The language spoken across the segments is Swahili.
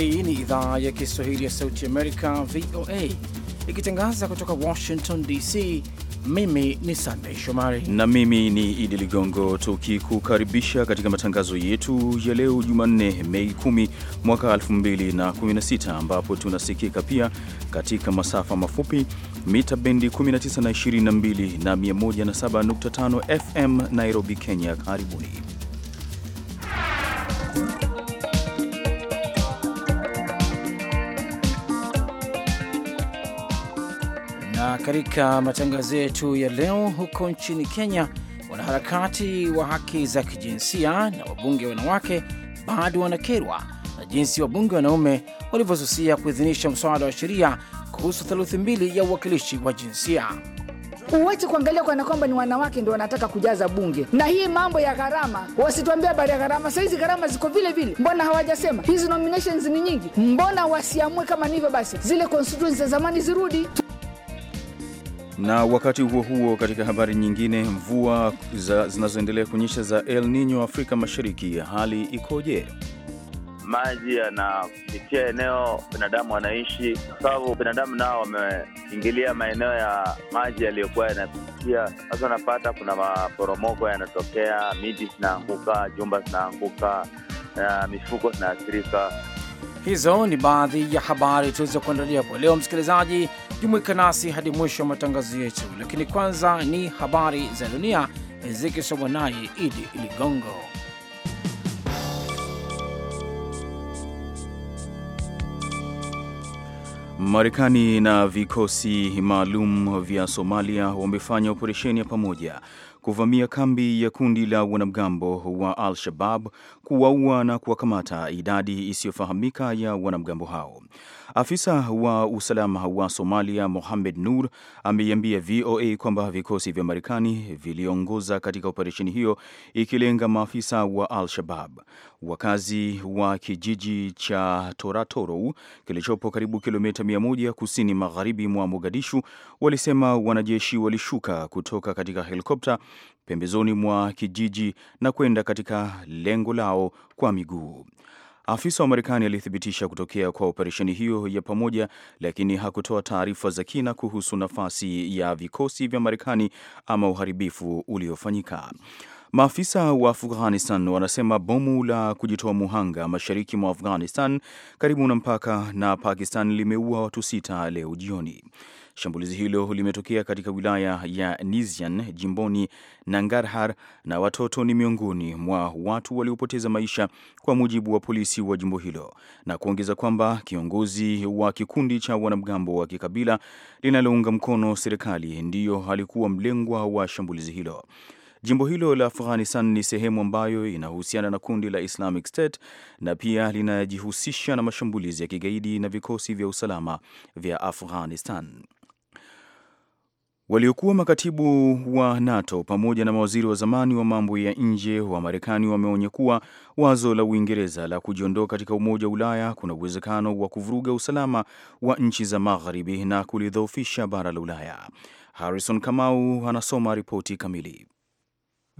Hii ni idhaa ya Kiswahili ya Sauti Amerika, VOA, ikitangaza kutoka Washington DC. Mimi ni Sandei Shomari na mimi ni Idi Ligongo, tukikukaribisha katika matangazo yetu ya leo Jumanne, Mei 10 mwaka 2016, ambapo tunasikika pia katika masafa mafupi mita bendi 19 na 22 na 107.5 FM Nairobi, Kenya. Karibuni katika matangazo yetu ya leo, huko nchini Kenya, wanaharakati wa haki za kijinsia na wabunge wanawake bado wanakerwa na jinsi wabunge wanaume walivyosusia kuidhinisha mswada wa sheria kuhusu theluthi mbili ya uwakilishi wa jinsia. Uwache kuangalia kana kwamba ni wanawake ndio wanataka kujaza bunge, na hii mambo ya gharama, wasituambia habari ya gharama. sahizi gharama ziko vile vile, mbona hawajasema? Hizi nominations ni nyingi, mbona wasiamue kama ni hivyo? Basi zile constituencies za zamani zirudi. Na wakati huo huo, katika habari nyingine, mvua zinazoendelea kunyesha za El Nino Afrika Mashariki, hali ikoje? Maji yanapitia eneo binadamu wanaishi, kwa sababu binadamu nao wameingilia maeneo ya maji yaliyokuwa yanapitia. Sasa unapata kuna maporomoko yanatokea, miti zinaanguka, jumba zinaanguka na mifuko zinaathirika. Hizo ni baadhi ya habari tulizo kuandalia kwa leo. Msikilizaji, jumuika nasi hadi mwisho wa matangazo yetu, lakini kwanza ni habari za dunia zikisomwa naye Idi Ligongo. Marekani na vikosi maalum vya Somalia wamefanya operesheni ya pamoja kuvamia kambi ya kundi la wanamgambo wa Al-Shabab, kuwaua na kuwakamata idadi isiyofahamika ya wanamgambo hao. Afisa wa usalama wa Somalia Mohamed Nur ameiambia VOA kwamba vikosi vya Marekani viliongoza katika operesheni hiyo ikilenga maafisa wa Al-Shabab. Wakazi wa kijiji cha Toratorou kilichopo karibu kilomita 100 kusini magharibi mwa Mogadishu walisema wanajeshi walishuka kutoka katika helikopta pembezoni mwa kijiji na kwenda katika lengo lao kwa miguu. Afisa wa Marekani alithibitisha kutokea kwa operesheni hiyo ya pamoja, lakini hakutoa taarifa za kina kuhusu nafasi ya vikosi vya Marekani ama uharibifu uliofanyika. Maafisa wa Afghanistan wanasema bomu la kujitoa muhanga mashariki mwa Afghanistan karibu na mpaka na Pakistan limeua watu sita leo jioni. Shambulizi hilo limetokea katika wilaya ya Nizian jimboni Nangarhar, na watoto ni miongoni mwa watu waliopoteza maisha, kwa mujibu wa polisi wa jimbo hilo, na kuongeza kwamba kiongozi wa kikundi cha wanamgambo wa kikabila linalounga mkono serikali ndiyo alikuwa mlengwa wa shambulizi hilo. Jimbo hilo la Afghanistan ni sehemu ambayo inahusiana na kundi la Islamic State na pia linajihusisha na mashambulizi ya kigaidi na vikosi vya usalama vya Afghanistan. Waliokuwa makatibu wa NATO pamoja na mawaziri wa zamani wa mambo ya nje wa Marekani wameonya kuwa wazo la Uingereza la kujiondoa katika Umoja wa Ulaya kuna uwezekano wa kuvuruga usalama wa nchi za Magharibi na kulidhoofisha bara la Ulaya. Harrison Kamau anasoma ripoti kamili.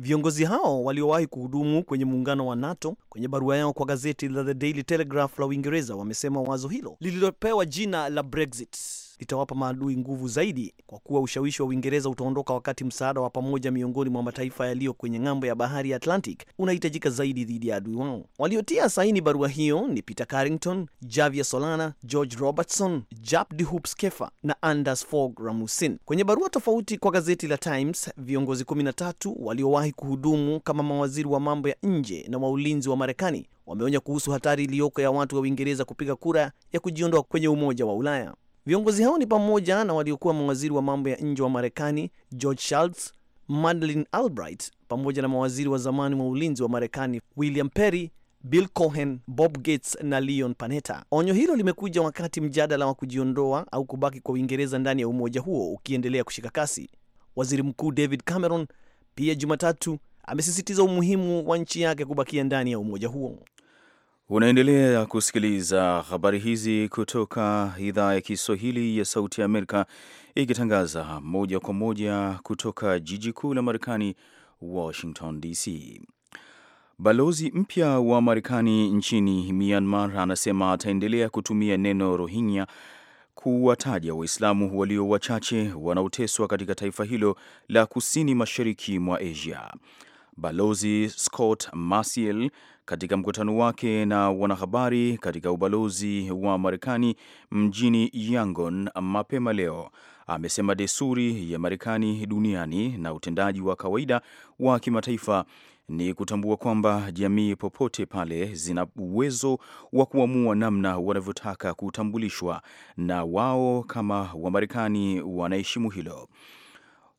Viongozi hao waliowahi kuhudumu kwenye muungano wa NATO, kwenye barua yao kwa gazeti la The Daily Telegraph la Uingereza, wamesema wazo hilo lililopewa jina la Brexit litawapa maadui nguvu zaidi kwa kuwa ushawishi wa Uingereza utaondoka wakati msaada wa pamoja miongoni mwa mataifa yaliyo kwenye ng'ambo ya bahari ya Atlantic unahitajika zaidi dhidi ya adui wao. Waliotia saini barua hiyo ni Peter Carrington, Javier Solana, George Robertson, Jaap de Hoop Scheffer na Anders Fogh Rasmussen. Kwenye barua tofauti kwa gazeti la Times, viongozi 13 waliowahi kuhudumu kama mawaziri wa mambo ya nje na wa ulinzi wa Marekani wameonya kuhusu hatari iliyoko ya watu wa Uingereza kupiga kura ya kujiondoa kwenye Umoja wa Ulaya. Viongozi hao ni pamoja na waliokuwa mawaziri wa mambo ya nje wa Marekani George Shultz, Madeleine Albright pamoja na mawaziri wa zamani wa ulinzi wa Marekani William Perry, Bill Cohen, Bob Gates na Leon Panetta. Onyo hilo limekuja wakati mjadala wa kujiondoa au kubaki kwa Uingereza ndani ya umoja huo ukiendelea kushika kasi. Waziri Mkuu David Cameron pia Jumatatu amesisitiza umuhimu wa nchi yake kubakia ndani ya umoja huo. Unaendelea kusikiliza habari hizi kutoka idhaa ya Kiswahili ya Sauti ya Amerika, ikitangaza moja kwa moja kutoka jiji kuu la Marekani, Washington DC. Balozi mpya wa Marekani nchini Myanmar anasema ataendelea kutumia neno Rohingya kuwataja Waislamu walio wachache wanaoteswa katika taifa hilo la kusini mashariki mwa Asia. Balozi Scott Marciel katika mkutano wake na wanahabari katika ubalozi wa Marekani mjini Yangon mapema leo amesema desturi ya Marekani duniani na utendaji wa kawaida wa kimataifa ni kutambua kwamba jamii popote pale zina uwezo wa kuamua namna wanavyotaka kutambulishwa, na wao kama Wamarekani wanaheshimu hilo.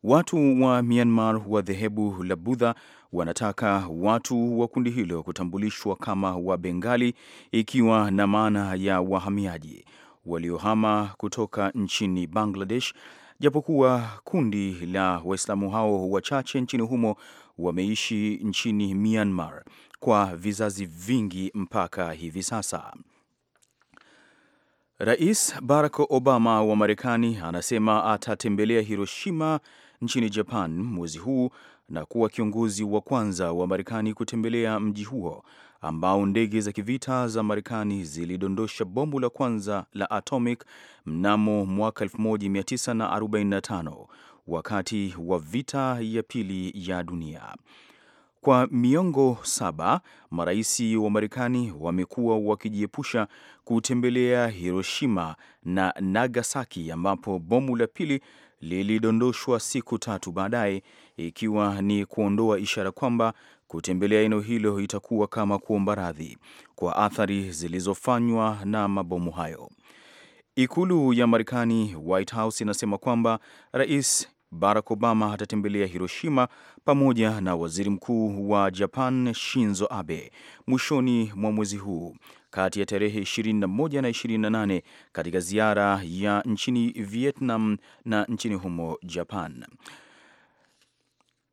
Watu wa Myanmar wa dhehebu la Budha wanataka watu wa kundi hilo kutambulishwa kama Wabengali, ikiwa na maana ya wahamiaji waliohama kutoka nchini Bangladesh, japokuwa kundi la Waislamu hao wachache nchini humo wameishi nchini Myanmar kwa vizazi vingi mpaka hivi sasa. Rais Barack Obama wa Marekani anasema atatembelea Hiroshima nchini Japan mwezi huu na kuwa kiongozi wa kwanza wa Marekani kutembelea mji huo ambao ndege za kivita za Marekani zilidondosha bomu la kwanza la atomic mnamo mwaka 1945 wakati wa vita ya pili ya dunia. Kwa miongo saba marais wa Marekani wamekuwa wakijiepusha kutembelea Hiroshima na Nagasaki ambapo bomu la pili lilidondoshwa siku tatu baadaye, ikiwa ni kuondoa ishara kwamba kutembelea eneo hilo itakuwa kama kuomba radhi kwa athari zilizofanywa na mabomu hayo. Ikulu ya Marekani, White House, inasema kwamba Rais Barack Obama atatembelea Hiroshima pamoja na waziri mkuu wa Japan Shinzo Abe mwishoni mwa mwezi huu kati ya tarehe 21 na 28 katika ziara ya nchini Vietnam na nchini humo Japan.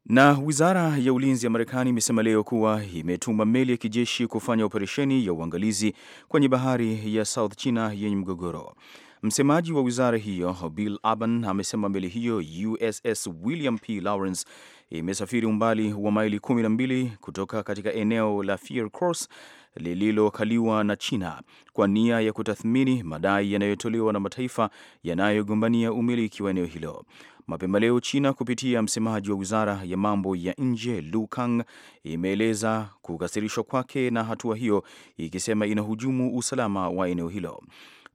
Na wizara ya ulinzi ya Marekani imesema leo kuwa imetuma meli ya kijeshi kufanya operesheni ya uangalizi kwenye bahari ya South China yenye mgogoro. Msemaji wa wizara hiyo Bill Aban amesema meli hiyo USS William P. Lawrence imesafiri umbali wa maili 12 kutoka katika eneo la Fear Cross lililokaliwa na China kwa nia ya kutathmini madai yanayotolewa na mataifa yanayogombania umiliki wa eneo hilo. Mapema leo China kupitia msemaji wa wizara ya mambo ya nje Lu Kang imeeleza kukasirishwa kwake na hatua hiyo, ikisema inahujumu usalama wa eneo hilo.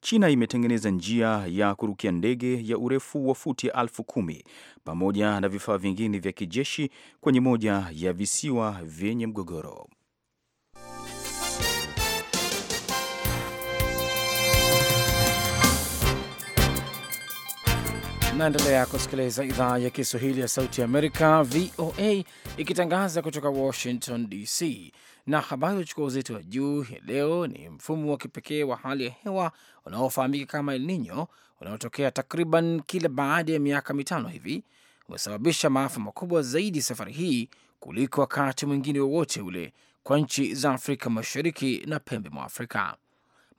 China imetengeneza njia ya kurukia ndege ya urefu wa futi elfu kumi pamoja na vifaa vingine vya kijeshi kwenye moja ya visiwa vyenye mgogoro. Naendelea kusikiliza idhaa ya Kiswahili ya Sauti ya Amerika, VOA, ikitangaza kutoka Washington DC. Na habari uchukua uzito wa juu hii leo ni mfumo wa kipekee wa hali ya hewa unaofahamika kama El Nino unaotokea takriban kila baada ya miaka mitano hivi umesababisha maafa makubwa zaidi safari hii kuliko wakati mwingine wowote ule kwa nchi za Afrika Mashariki na pembe mwa Afrika.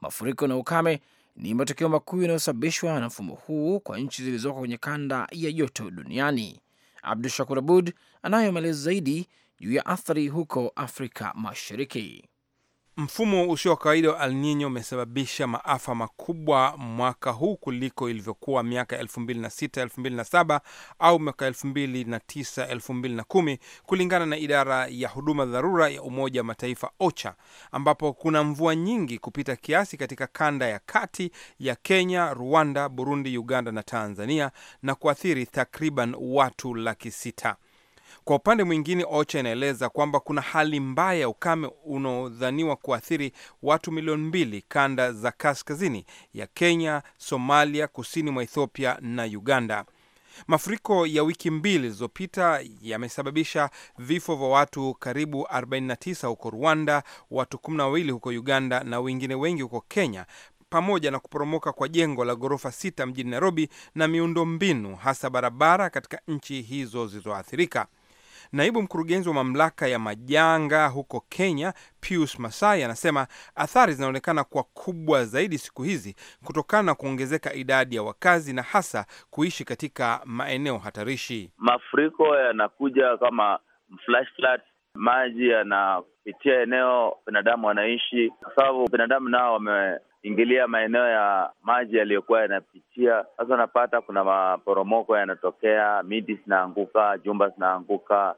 Mafuriko na ukame ni matokeo makuu yanayosababishwa na mfumo huu kwa nchi zilizoko kwenye kanda ya joto duniani. Abdu Shakur Abud anayo maelezo zaidi juu ya athari huko Afrika Mashariki. Mfumo usio wa kawaida wa El Nino umesababisha maafa makubwa mwaka huu kuliko ilivyokuwa miaka 2006 2007 au mwaka 2009 2010, kulingana na idara ya huduma dharura ya Umoja wa Mataifa OCHA, ambapo kuna mvua nyingi kupita kiasi katika kanda ya kati ya Kenya, Rwanda, Burundi, Uganda na Tanzania na kuathiri takriban watu laki sita. Kwa upande mwingine, OCHA inaeleza kwamba kuna hali mbaya ya ukame unaodhaniwa kuathiri watu milioni mbili kanda za kaskazini ya Kenya, Somalia, kusini mwa Ethiopia na Uganda. Mafuriko ya wiki mbili zilizopita yamesababisha vifo vya watu karibu 49 huko Rwanda, watu 12 huko Uganda na wengine wengi huko Kenya, pamoja na kuporomoka kwa jengo la ghorofa sita mjini Nairobi na miundo mbinu hasa barabara katika nchi hizo zilizoathirika. Naibu mkurugenzi wa mamlaka ya majanga huko Kenya, Pius Masai, anasema athari zinaonekana kuwa kubwa zaidi siku hizi kutokana na kuongezeka idadi ya wakazi na hasa kuishi katika maeneo hatarishi. Mafuriko yanakuja kama flash flood, maji yanapitia eneo binadamu wanaishi, kwa sababu binadamu nao wame ingilia maeneo ya maji yaliyokuwa yanapitia. Sasa unapata kuna maporomoko yanatokea, miti zinaanguka, jumba zinaanguka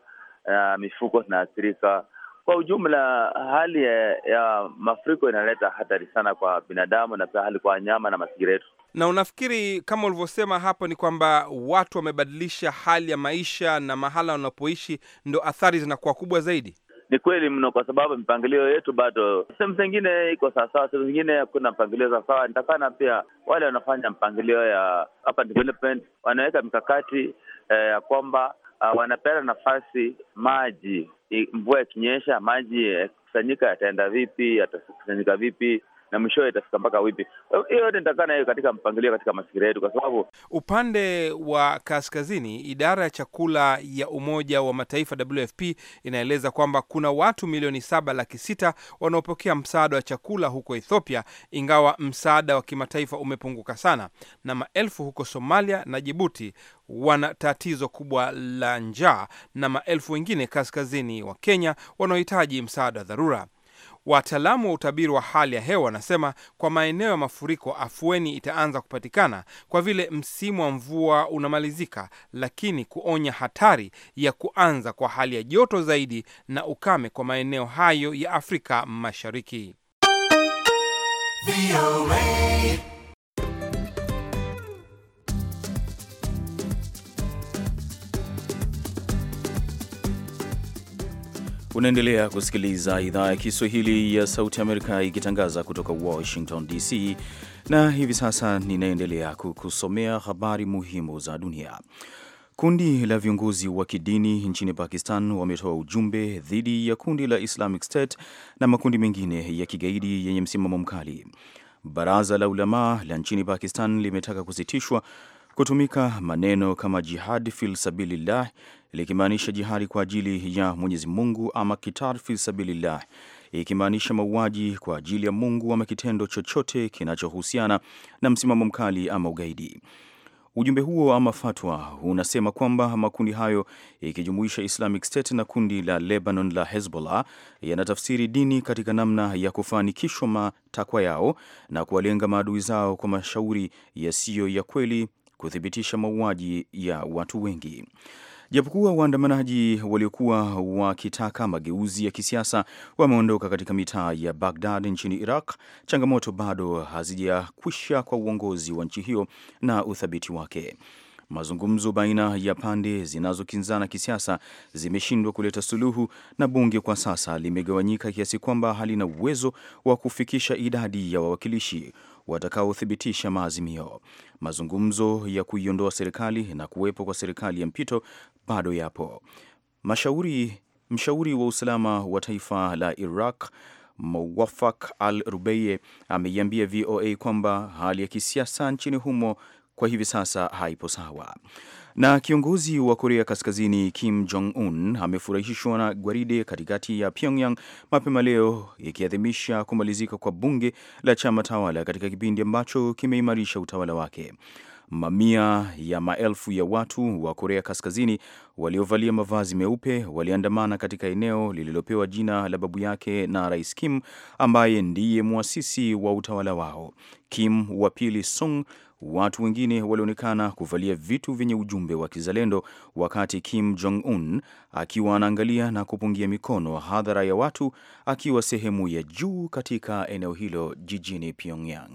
na mifuko zinaathirika. Kwa ujumla, hali ya, ya mafuriko inaleta hatari sana kwa binadamu na pia hali kwa wanyama na mazingira yetu. Na unafikiri kama ulivyosema hapo, ni kwamba watu wamebadilisha hali ya maisha na mahala wanapoishi, ndo athari zinakuwa kubwa zaidi? ni kweli mno, kwa sababu mipangilio yetu bado sehemu zingine iko sawasawa, sehemu zingine hakuna mpangilio sawasawa. Nitakana pia wale wanafanya mpangilio ya development wanaweka mikakati eh, ya eh, kwamba uh, wanapeana nafasi maji, mvua ikinyesha maji yakikusanyika yataenda vipi, yatakusanyika vipi na mwishowe itafika mpaka wipi. Hiyo yote nitakaa nayo katika mpangilio, katika mafikira yetu, kwa sababu upande wa kaskazini, idara ya chakula ya Umoja wa Mataifa WFP inaeleza kwamba kuna watu milioni saba laki sita wanaopokea msaada wa chakula huko Ethiopia, ingawa msaada wa kimataifa umepunguka sana, na maelfu huko Somalia na Jibuti wana tatizo kubwa la njaa, na maelfu wengine kaskazini wa Kenya wanaohitaji msaada wa dharura. Wataalamu wa utabiri wa hali ya hewa wanasema kwa maeneo ya mafuriko afueni itaanza kupatikana kwa vile msimu wa mvua unamalizika, lakini kuonya hatari ya kuanza kwa hali ya joto zaidi na ukame kwa maeneo hayo ya Afrika Mashariki. Unaendelea kusikiliza idhaa ya Kiswahili ya Sauti Amerika ikitangaza kutoka Washington DC, na hivi sasa ninaendelea kukusomea habari muhimu za dunia. Kundi la viongozi wa kidini nchini Pakistan wametoa ujumbe dhidi ya kundi la Islamic State na makundi mengine ya kigaidi yenye msimamo mkali. Baraza la Ulamaa la nchini Pakistan limetaka kusitishwa kutumika maneno kama jihad sabilillah likimaanisha jihadi kwa ajili ya Mwenyezi Mungu ama kitar fi sabilillah ikimaanisha mauaji kwa ajili ya Mungu ama kitendo chochote kinachohusiana na msimamo mkali ama ugaidi. Ujumbe huo ama fatwa unasema kwamba makundi hayo ikijumuisha Islamic State na kundi la Lebanon la Hezbollah yanatafsiri dini katika namna ya kufanikishwa matakwa yao na kuwalenga maadui zao kwa mashauri yasiyo ya kweli, kuthibitisha mauaji ya watu wengi. Japokuwa waandamanaji waliokuwa wakitaka mageuzi ya kisiasa wameondoka katika mitaa ya Baghdad nchini Iraq, changamoto bado hazijakwisha kwa uongozi wa nchi hiyo na uthabiti wake. Mazungumzo baina ya pande zinazokinzana kisiasa zimeshindwa kuleta suluhu, na bunge kwa sasa limegawanyika kiasi kwamba halina uwezo wa kufikisha idadi ya wawakilishi watakaothibitisha maazimio. Mazungumzo ya kuiondoa serikali na kuwepo kwa serikali ya mpito bado yapo. Mashauri, mshauri wa usalama wa taifa la Iraq mwafak Al Rubeye ameiambia VOA kwamba hali ya kisiasa nchini humo kwa hivi sasa haipo sawa. Na kiongozi wa Korea Kaskazini Kim Jong Un amefurahishwa na gwaride katikati ya Pyongyang mapema leo, ikiadhimisha kumalizika kwa bunge la chama tawala katika kipindi ambacho kimeimarisha utawala wake. Mamia ya maelfu ya watu wa Korea Kaskazini waliovalia mavazi meupe waliandamana katika eneo lililopewa jina la babu yake na Rais Kim ambaye ndiye mwasisi wa utawala wao. Kim wa pili Sung Watu wengine walionekana kuvalia vitu vyenye ujumbe wa kizalendo wakati Kim Jong Un akiwa anaangalia na kupungia mikono hadhara ya watu akiwa sehemu ya juu katika eneo hilo jijini Pyongyang.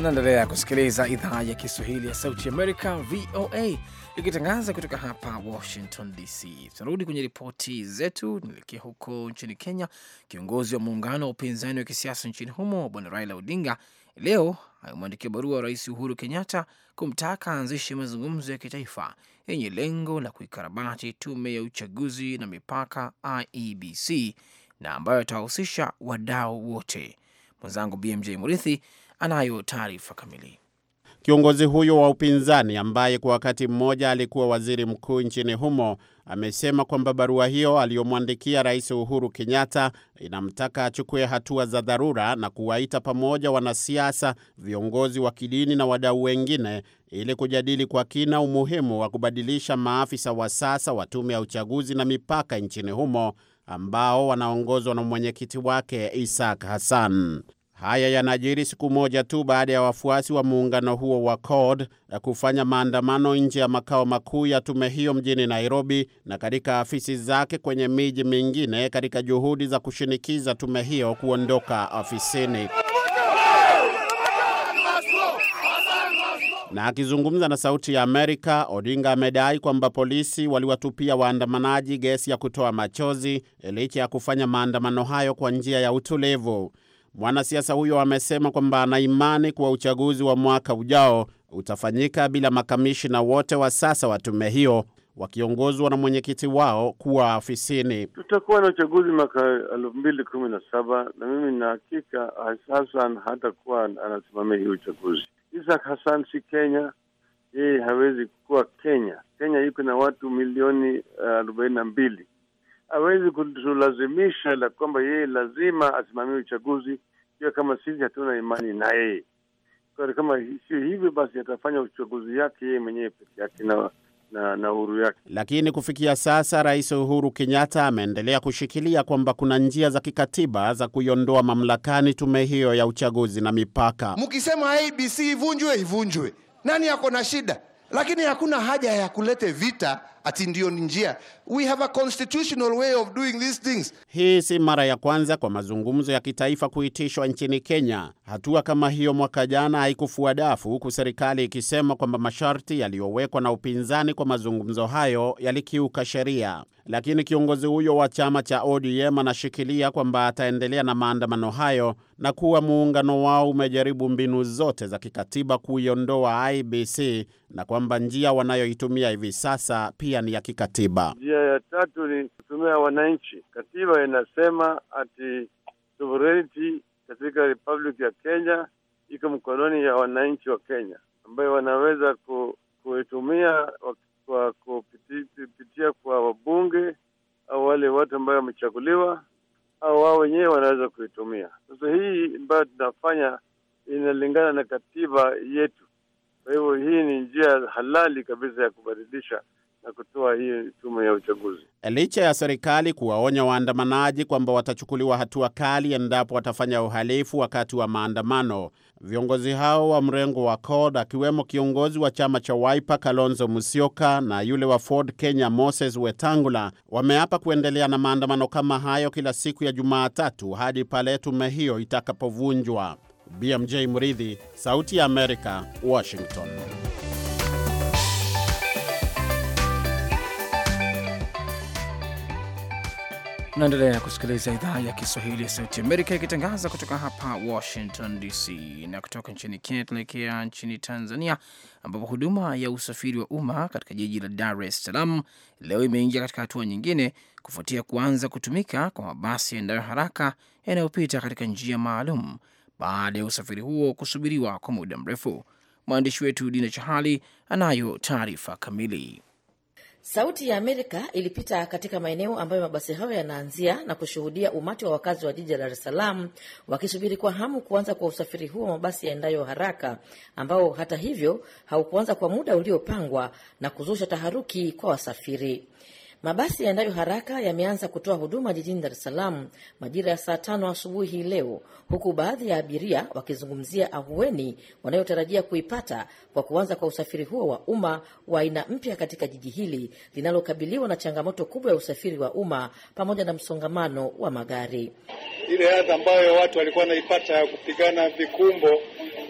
Mnaendelea kusikiliza idhaa ya Kiswahili ya Sauti Amerika, VOA Ikitangaza kutoka hapa Washington DC, tunarudi kwenye ripoti zetu. Tunaelekea huko nchini Kenya. Kiongozi wa muungano wa upinzani wa kisiasa nchini humo Bwana Raila Odinga leo amemwandikia barua Rais Uhuru Kenyatta kumtaka aanzishe mazungumzo ya kitaifa yenye lengo la kuikarabati tume ya uchaguzi na mipaka IEBC na ambayo itawahusisha wadau wote. Mwenzangu BMJ Murithi anayo taarifa kamili. Kiongozi huyo wa upinzani ambaye kwa wakati mmoja alikuwa waziri mkuu nchini humo amesema kwamba barua hiyo aliyomwandikia Rais Uhuru Kenyatta inamtaka achukue hatua za dharura na kuwaita pamoja wanasiasa, viongozi wa kidini na wadau wengine ili kujadili kwa kina umuhimu wa kubadilisha maafisa wa sasa wa tume ya uchaguzi na mipaka nchini humo ambao wanaongozwa na mwenyekiti wake Isaac Hassan. Haya yanajiri siku moja tu baada ya wafuasi wa muungano huo wa CORD eh, kufanya maandamano nje ya makao makuu ya tume hiyo mjini Nairobi na katika afisi zake kwenye miji mingine katika juhudi za kushinikiza tume hiyo kuondoka afisini. Na akizungumza na Sauti ya Amerika, Odinga amedai kwamba polisi waliwatupia waandamanaji gesi ya kutoa machozi licha ya kufanya maandamano hayo kwa njia ya utulivu. Mwanasiasa huyo amesema kwamba ana imani kuwa uchaguzi wa mwaka ujao utafanyika bila makamishina wote wa sasa wa tume hiyo wakiongozwa na mwenyekiti wao kuwa afisini. Tutakuwa na uchaguzi mwaka elfu mbili kumi na saba na mimi na hakika Hassan hatakuwa anasimamia hii uchaguzi. Isaac Hassan si Kenya, yeye hawezi kuwa Kenya. Kenya iko na watu milioni eh, arobaini uh, na mbili hawezi kutulazimisha la kwamba yeye lazima asimamie uchaguzi pia, kama sisi hatuna imani na yeye. Kama sio hivyo, basi atafanya uchaguzi yake yeye mwenyewe peke yake na na, na uhuru yake. Lakini kufikia sasa Rais Uhuru Kenyatta ameendelea kushikilia kwamba kuna njia za kikatiba za kuiondoa mamlakani tume hiyo ya uchaguzi na mipaka. Mkisema IBC ivunjwe, ivunjwe, nani yako na shida? Lakini hakuna haja ya kulete vita ati ndiyo ni njia. We have a constitutional way of doing these things. Hii si mara ya kwanza kwa mazungumzo ya kitaifa kuitishwa nchini Kenya. Hatua kama hiyo mwaka jana haikufua dafu, huku serikali ikisema kwamba masharti yaliyowekwa na upinzani kwa mazungumzo hayo yalikiuka sheria. Lakini kiongozi huyo wa chama cha ODM anashikilia kwamba ataendelea na maandamano hayo na kuwa muungano wao umejaribu mbinu zote za kikatiba kuiondoa IBC na kwamba njia wanayoitumia hivi sasa pia pia ni ya kikatiba. Njia ya tatu ni kutumia wananchi. Katiba inasema ati sovereignty katika Republic ya Kenya iko mkononi ya wananchi wa Kenya, ambayo wanaweza ku, kuitumia kwa kupitia kwa wabunge au wale watu ambao wamechaguliwa au wao wenyewe wanaweza kuitumia. Sasa hii ambayo tunafanya inalingana na katiba yetu. Kwa hivyo hii ni njia halali kabisa ya kubadilisha na kutoa hii tume ya uchaguzi, licha ya serikali kuwaonya waandamanaji kwamba watachukuliwa hatua kali endapo watafanya uhalifu wakati wa maandamano. Viongozi hao wa mrengo wa CORD akiwemo kiongozi wa chama cha Wiper Kalonzo Musyoka na yule wa Ford Kenya Moses Wetangula wameapa kuendelea na maandamano kama hayo kila siku ya Jumatatu hadi pale tume hiyo itakapovunjwa. BMJ Mridhi, Sauti ya Amerika, Washington. Naendelea kusikiliza idhaa ya Kiswahili ya Sauti Amerika ikitangaza kutoka hapa Washington DC. Na kutoka nchini Kenya tunaelekea nchini Tanzania, ambapo huduma ya usafiri wa umma katika jiji la Dar es Salaam leo imeingia katika hatua nyingine kufuatia kuanza kutumika kwa mabasi yaendayo haraka yanayopita katika njia maalum baada ya usafiri huo kusubiriwa kwa muda mrefu. Mwandishi wetu Dina Chahali anayo taarifa kamili. Sauti ya Amerika ilipita katika maeneo ambayo mabasi hayo yanaanzia na kushuhudia umati wa wakazi wa jiji la Dar es Salaam wakisubiri kwa hamu kuanza kwa usafiri huo wa mabasi yaendayo haraka, ambao hata hivyo haukuanza kwa muda uliopangwa na kuzusha taharuki kwa wasafiri. Mabasi yaendayo haraka yameanza kutoa huduma jijini Dar es Salaam majira ya saa tano asubuhi hii leo, huku baadhi ya abiria wakizungumzia ahueni wanayotarajia kuipata kwa kuanza kwa usafiri huo wa umma wa aina mpya katika jiji hili linalokabiliwa na changamoto kubwa ya usafiri wa umma pamoja na msongamano wa magari. Ile adha ambayo watu walikuwa wanaipata ya kupigana vikumbo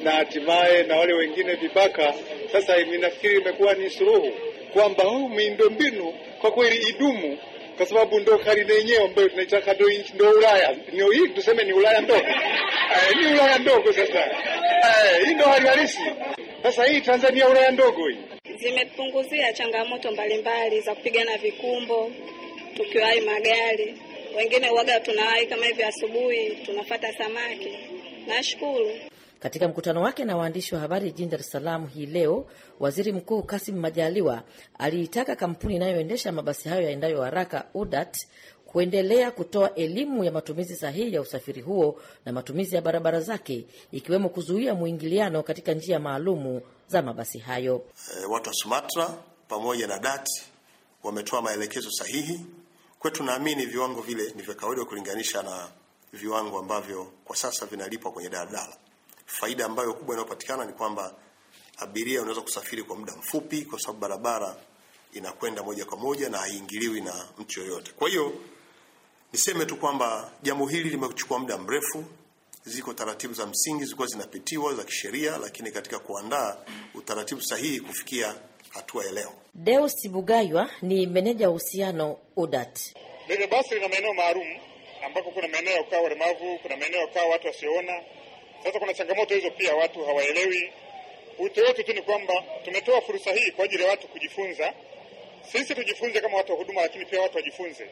na hatimaye na wale wengine vibaka, sasa inafikiri imekuwa ni suluhu kwamba huu oh, miundombinu kwa kweli idumu, kwa sababu ndo hali yenyewe ambayo tunaitaka ndo Ulaya ndio hii, tuseme ni Ulaya ndogo eh, ni Ulaya ndogo. Sasa eh, hii ndo hali halisi. Sasa hii Tanzania Ulaya ndogo hii zimepunguzia changamoto mbalimbali za kupigana vikumbo, tukiwahi magari, wengine uwaga tunawahi kama hivi asubuhi, tunafata samaki. Nashukuru. Katika mkutano wake na waandishi wa habari jijini Dar es Salaam hii leo, Waziri Mkuu Kasim Majaliwa aliitaka kampuni inayoendesha mabasi hayo yaendayo haraka udat kuendelea kutoa elimu ya matumizi sahihi ya usafiri huo na matumizi ya barabara zake ikiwemo kuzuia mwingiliano katika njia maalumu za mabasi hayo. E, watu wa SUMATRA pamoja na DAT wametoa maelekezo sahihi. kwetu tunaamini viwango vile ni vya kawaida kulinganisha na viwango ambavyo kwa sasa vinalipwa kwenye daladala faida ambayo kubwa inayopatikana ni kwamba abiria unaweza kusafiri kwa muda mfupi, kwa sababu barabara inakwenda moja kwa moja na haiingiliwi na mtu yoyote. Kwa hiyo niseme tu kwamba jambo hili limechukua muda mrefu, ziko taratibu za msingi zilikuwa zinapitiwa za kisheria, lakini katika kuandaa utaratibu sahihi kufikia hatua ya leo. Deus Bugaywa ni meneja uhusiano UDAT. Hilo basi lina maeneo maalum ambako kuna maeneo ya kukaa walemavu, kuna maeneo ya kukaa watu wasioona sasa kuna changamoto hizo pia, watu hawaelewi. Wito wetu tu ni kwamba tumetoa fursa hii kwa ajili ya watu kujifunza, sisi tujifunze kama watu wa huduma, lakini pia watu wajifunze,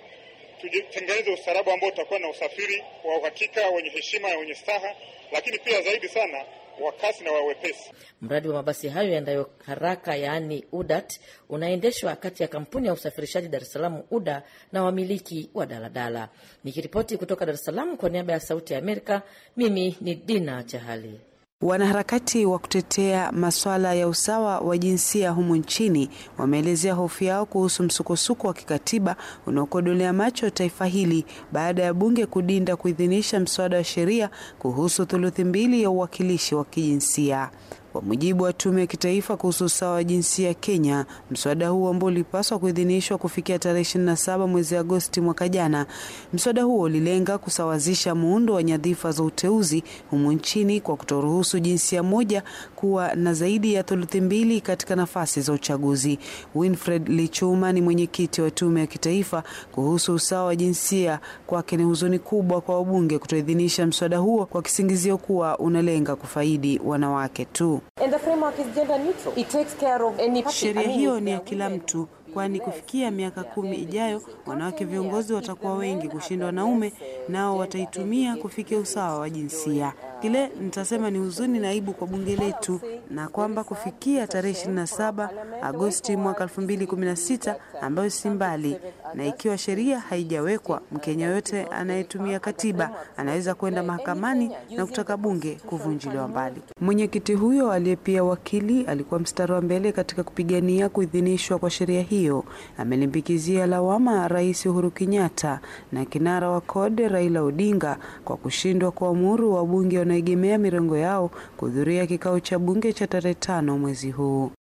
tutengeneze ustaarabu ambao utakuwa na usafiri wa uhakika, wenye heshima na wenye staha, lakini pia zaidi sana wa kasi na wa wepesi. Mradi wa mabasi hayo yaendayo haraka yaani UDAT unaendeshwa kati ya kampuni ya usafirishaji Dar es Salaam UDA na wamiliki wa daladala. Nikiripoti kutoka Dar es Salaam kwa niaba ya Sauti ya Amerika, mimi ni Dina Chahali. Wanaharakati wa kutetea masuala ya usawa wa jinsia humu nchini wameelezea hofu yao kuhusu msukosuko wa kikatiba unaokodolea macho taifa hili baada ya bunge kudinda kuidhinisha mswada wa sheria kuhusu thuluthi mbili ya uwakilishi wa kijinsia. Kwa mujibu wa Tume ya Kitaifa kuhusu Usawa wa Jinsia Kenya, mswada huo ambao ulipaswa kuidhinishwa kufikia tarehe 27 mwezi Agosti mwaka jana, mswada huo ulilenga kusawazisha muundo wa nyadhifa za uteuzi humu nchini kwa kutoruhusu jinsia moja kuwa na zaidi ya thuluthi mbili katika nafasi za uchaguzi. Winfred Lichuma ni mwenyekiti wa Tume ya Kitaifa kuhusu Usawa wa Jinsia. Kwake ni huzuni kubwa kwa wabunge kutoidhinisha mswada huo kwa kisingizio kuwa unalenga kufaidi wanawake tu. Sheria hiyo ni ya kila mtu, kwani kufikia miaka kumi ijayo wanawake viongozi watakuwa wengi kushinda wanaume, nao wataitumia kufikia usawa wa jinsia. Kile nitasema ni huzuni na aibu kwa bunge letu, na kwamba kufikia tarehe 27 Agosti mwaka 2016 ambayo si mbali, na ikiwa sheria haijawekwa, Mkenya yote anayetumia katiba anaweza kwenda mahakamani na kutaka bunge kuvunjiliwa mbali. Mwenyekiti huyo aliye pia wakili alikuwa mstari wa mbele katika kupigania kuidhinishwa kwa sheria hiyo, amelimbikizia lawama Rais Uhuru Kenyatta na kinara wa CORD Raila Odinga kwa kushindwa kuamuru wabunge wanaegemea mirengo yao kuhudhuria kikao cha bunge cha tarehe tano mwezi huu.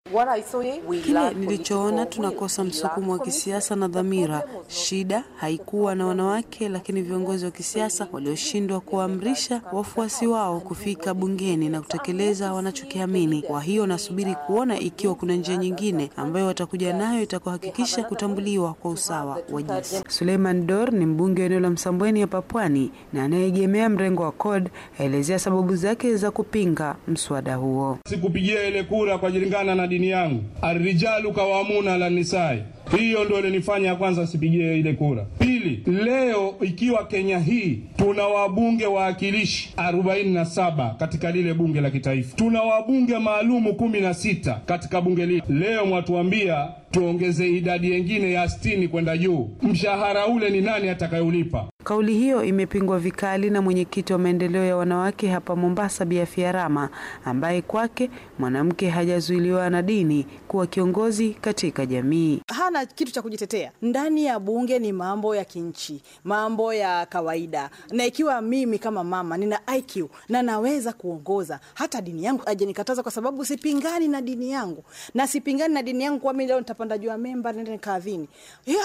Kile nilichoona tunakosa msukumo wa kisiasa na dhamira. Shida haikuwa na wanawake, lakini viongozi wa kisiasa walioshindwa kuamrisha wafuasi wao kufika bungeni na kutekeleza wanachokiamini. Kwa hiyo nasubiri kuona ikiwa kuna njia nyingine ambayo watakuja nayo itakuhakikisha kutambuliwa kwa usawa wa jinsi. Suleiman Dor ni mbunge wa eneo la Msambweni hapa Pwani na anayeegemea mrengo wa CORD aelezea sababu zake za kupinga mswada huo. Sikupigia ile kura kwa jiringana na dini dini yangu, arrijalu kawamuna la nisai. Hiyo ndio ilinifanya kwanza sipigie ile kura. Pili, leo ikiwa Kenya hii tuna wabunge waakilishi 47 katika lile bunge la kitaifa, tuna wabunge maalumu 16 katika bunge lile. Leo mwatuambia tuongeze idadi yengine ya sitini kwenda juu. Mshahara ule ni nani atakayolipa? Kauli hiyo imepingwa vikali na mwenyekiti wa maendeleo ya wanawake hapa Mombasa, Bi Afia Rama, ambaye kwake mwanamke hajazuiliwa na dini kuwa kiongozi katika jamii. Hana kitu cha kujitetea ndani ya bunge, ni mambo ya kinchi, mambo ya kawaida. Na ikiwa mimi kama mama nina IQ na naweza kuongoza, hata dini yangu hajanikataza, kwa sababu sipingani na dini yangu na sipingani na dini yangu kwa mimi leo upandaji wa memba nende nikaadhini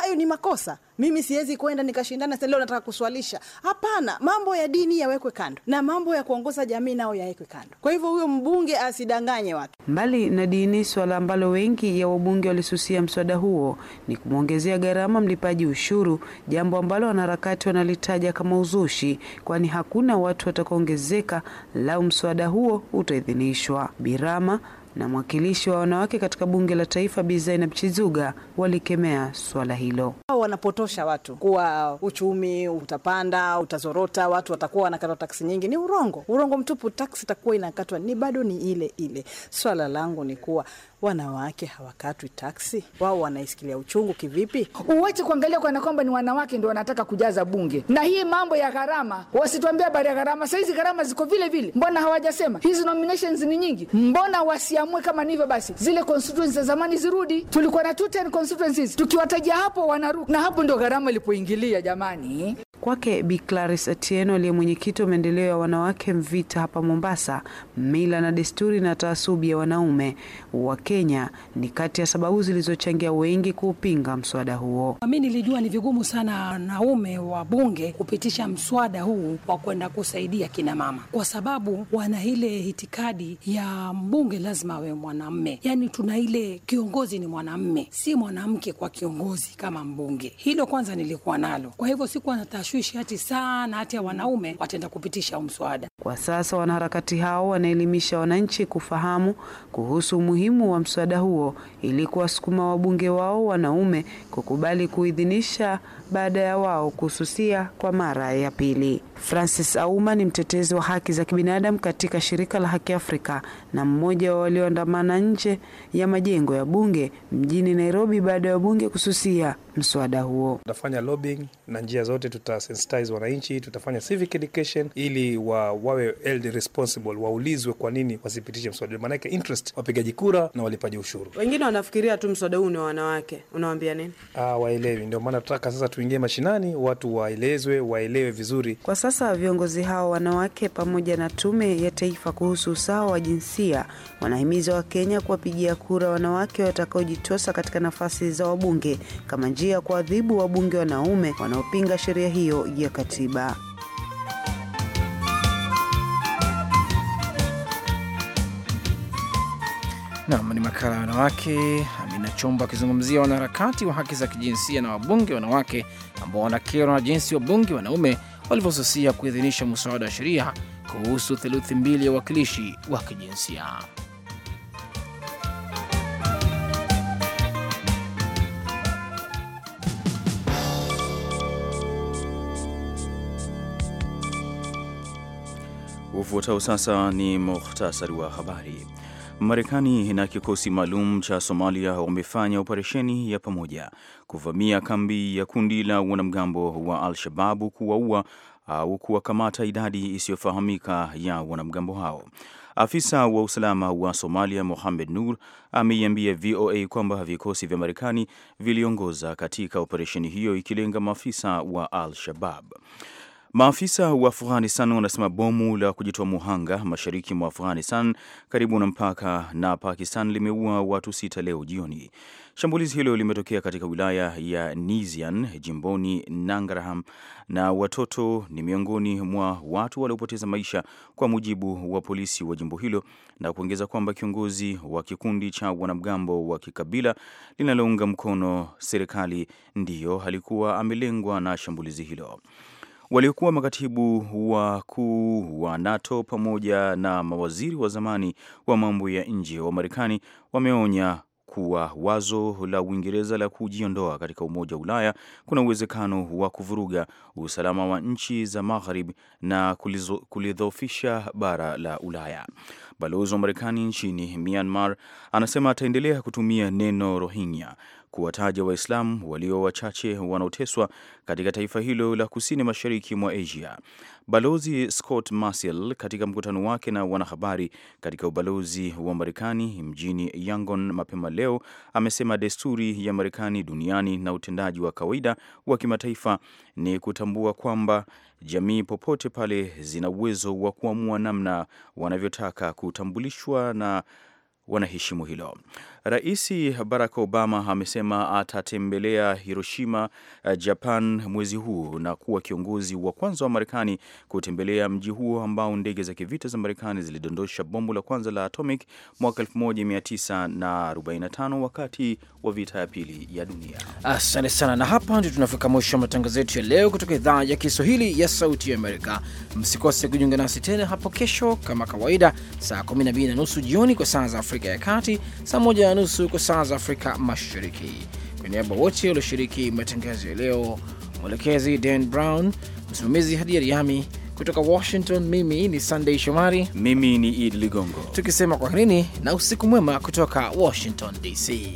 hayo ni makosa mimi siwezi kwenda nikashindana leo nataka kuswalisha hapana mambo ya dini yawekwe kando na mambo ya kuongoza jamii nao yawekwe kando kwa hivyo huyo mbunge asidanganye watu mbali na dini swala ambalo wengi ya wabunge walisusia mswada huo ni kumwongezea gharama mlipaji ushuru jambo ambalo wanaharakati wanalitaja kama uzushi kwani hakuna watu watakaongezeka lau mswada huo utaidhinishwa birama na mwakilishi wa wanawake katika bunge la taifa Bi Zainab Chizuga walikemea swala hilo. Hao wanapotosha watu kuwa uchumi utapanda, utazorota, watu watakuwa wanakatwa taksi nyingi. Ni urongo, urongo mtupu. Taksi itakuwa inakatwa ni bado ni ile ile. Swala langu ni kuwa wanawake hawakatwi taksi? Wao wanaisikilia uchungu kivipi? Uwache kuangalia kana kwamba ni wanawake ndio wanataka kujaza bunge na hii mambo ya gharama. Wasituambia habari ya gharama, sahizi gharama ziko vile vile. Mbona hawajasema hizi nominations ni nyingi? Mbona wasiamue kama nivyo Basi zile constituencies za zamani zirudi. Tulikuwa na 210 constituencies, tukiwatajia hapo wanaruka, na hapo ndio gharama ilipoingilia jamani. Kwake Bi Clarice Atieno aliye mwenyekiti wa maendeleo ya wanawake Mvita hapa Mombasa, mila na desturi na taasubi ya wanaume wa Kenya ni kati ya sababu zilizochangia wengi kuupinga mswada huo. Mi nilijua ni vigumu sana wanaume wa bunge kupitisha mswada huu wa kwenda kusaidia kina mama, kwa sababu wana ile itikadi ya mbunge lazima awe mwanamme, yaani tuna ile kiongozi ni mwanamme, si mwanamke kwa kiongozi kama mbunge. Hilo kwanza nilikuwa nalo, kwa hivyo sikuwa natashu hawatashwishi hati sana hati ya wanaume wataenda kupitisha mswada. Kwa sasa wanaharakati hao wanaelimisha wananchi kufahamu kuhusu umuhimu wa mswada huo ili kuwasukuma wabunge wao wanaume kukubali kuidhinisha baada ya wao kususia kwa mara ya pili. Francis Auma ni mtetezi wa haki za kibinadamu katika shirika la Haki Afrika na mmoja wa walioandamana nje ya majengo ya bunge mjini Nairobi baada ya bunge kususia mswada huo. Tutafanya lobbying na njia zote tuta tutasensitize wananchi, tutafanya civic education ili wa, wawe held responsible, waulizwe kwa nini wasipitishe mswada, maanake interest wapigaji kura na walipaji ushuru. Wengine wanafikiria tu mswada huu ni wanawake, unawaambia nini? Ah, waelewi. Ndio maana tunataka sasa tuingie mashinani, watu waelezwe, waelewe vizuri. Kwa sasa viongozi hao wanawake pamoja na Tume ya Taifa kuhusu usawa wa jinsia wanahimiza Wakenya kuwapigia kura wanawake watakaojitosa katika nafasi za wabunge kama njia ya kuadhibu wabunge wanaume wanaopinga sheria hii hiyo ya katiba. Nam ni makala ya wanawake. Amina chombo akizungumzia wanaharakati wa haki za kijinsia na wabunge wanawake ambao wanakerwa na jinsi wabunge wanaume walivyosusia kuidhinisha mswada wa sheria kuhusu theluthi mbili ya uwakilishi wa kijinsia. Ufuatao sasa ni muhtasari wa habari. Marekani na kikosi maalum cha Somalia wamefanya operesheni ya pamoja kuvamia kambi ya kundi la wanamgambo wa Al-Shababu, kuwaua au kuwakamata idadi isiyofahamika ya wanamgambo hao. Afisa wa usalama wa Somalia Mohamed Nur ameiambia VOA kwamba vikosi vya Marekani viliongoza katika operesheni hiyo ikilenga maafisa wa Al-Shabab. Maafisa wa Afghanistan wanasema bomu la kujitoa muhanga mashariki mwa Afghanistan karibu na mpaka na Pakistan limeua watu sita leo jioni. Shambulizi hilo limetokea katika wilaya ya Nizian jimboni nangraham na watoto ni miongoni mwa watu waliopoteza maisha, kwa mujibu wa polisi wa jimbo hilo, na kuongeza kwamba kiongozi wa kikundi cha wanamgambo wa kikabila linalounga mkono serikali ndiyo alikuwa amelengwa na shambulizi hilo. Waliokuwa makatibu wakuu wa NATO pamoja na mawaziri wa zamani wa mambo ya nje wa Marekani wameonya kuwa wazo la Uingereza la kujiondoa katika Umoja wa Ulaya kuna uwezekano wa kuvuruga usalama wa nchi za Magharibi na kulidhoofisha bara la Ulaya. Balozi wa Marekani nchini Myanmar anasema ataendelea kutumia neno Rohingya kuwataja Waislamu walio wachache wanaoteswa katika taifa hilo la kusini mashariki mwa Asia. Balozi Scott Marciel katika mkutano wake na wanahabari katika ubalozi wa Marekani mjini Yangon mapema leo amesema desturi ya Marekani duniani na utendaji wa kawaida wa kimataifa ni kutambua kwamba jamii popote pale zina uwezo wa kuamua namna wanavyotaka kutambulishwa na wanaheshimu hilo. Rais Barack Obama amesema atatembelea Hiroshima, eh, Japan mwezi huu na kuwa kiongozi wa kwanza wa Marekani kutembelea mji huo ambao ndege za kivita za Marekani zilidondosha bomu la kwanza la atomic mwaka 1945 wakati wa vita ya pili ya dunia. Asante sana, na hapa ndio tunafika mwisho wa matangazo yetu ya leo kutoka idhaa ya Kiswahili ya Sauti ya Amerika. Msikose kujiunga nasi tena hapo kesho kama kawaida saa 12 na nusu jioni kwa saa za Afrika Afrika ya Kati, saa moja na nusu kwa saa za Afrika Mashariki. Kwa niaba wote walioshiriki matangazo ya leo, mwelekezi Dan Brown, msimamizi Hadia Riami kutoka Washington, mimi ni Sandey Shomari, mimi ni Idi Ligongo, tukisema kwaherini na usiku mwema kutoka Washington DC.